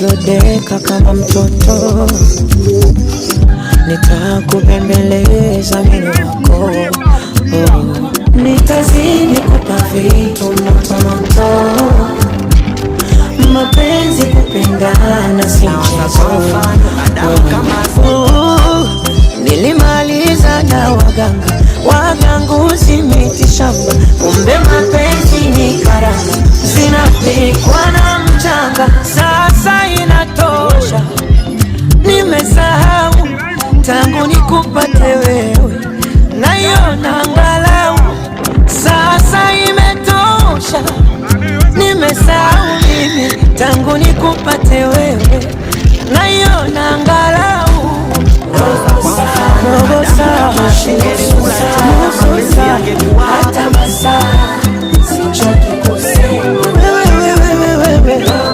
Nisilodeka kama mtoto, nitakubembeleza mimi wako, oh. nitazidi kupa vitu motomoto, mapenzi kupendana si mchezo. Oh. Oh. Nilimaliza na waganga waganguzi miti shamba, kumbe mapenzi ni karama zinapikwa kusahau tangu nikupate wewe, naiona angalau. Sasa imetosha, nimesahau mimi tangu nikupate wewe, naiona angalau hata saa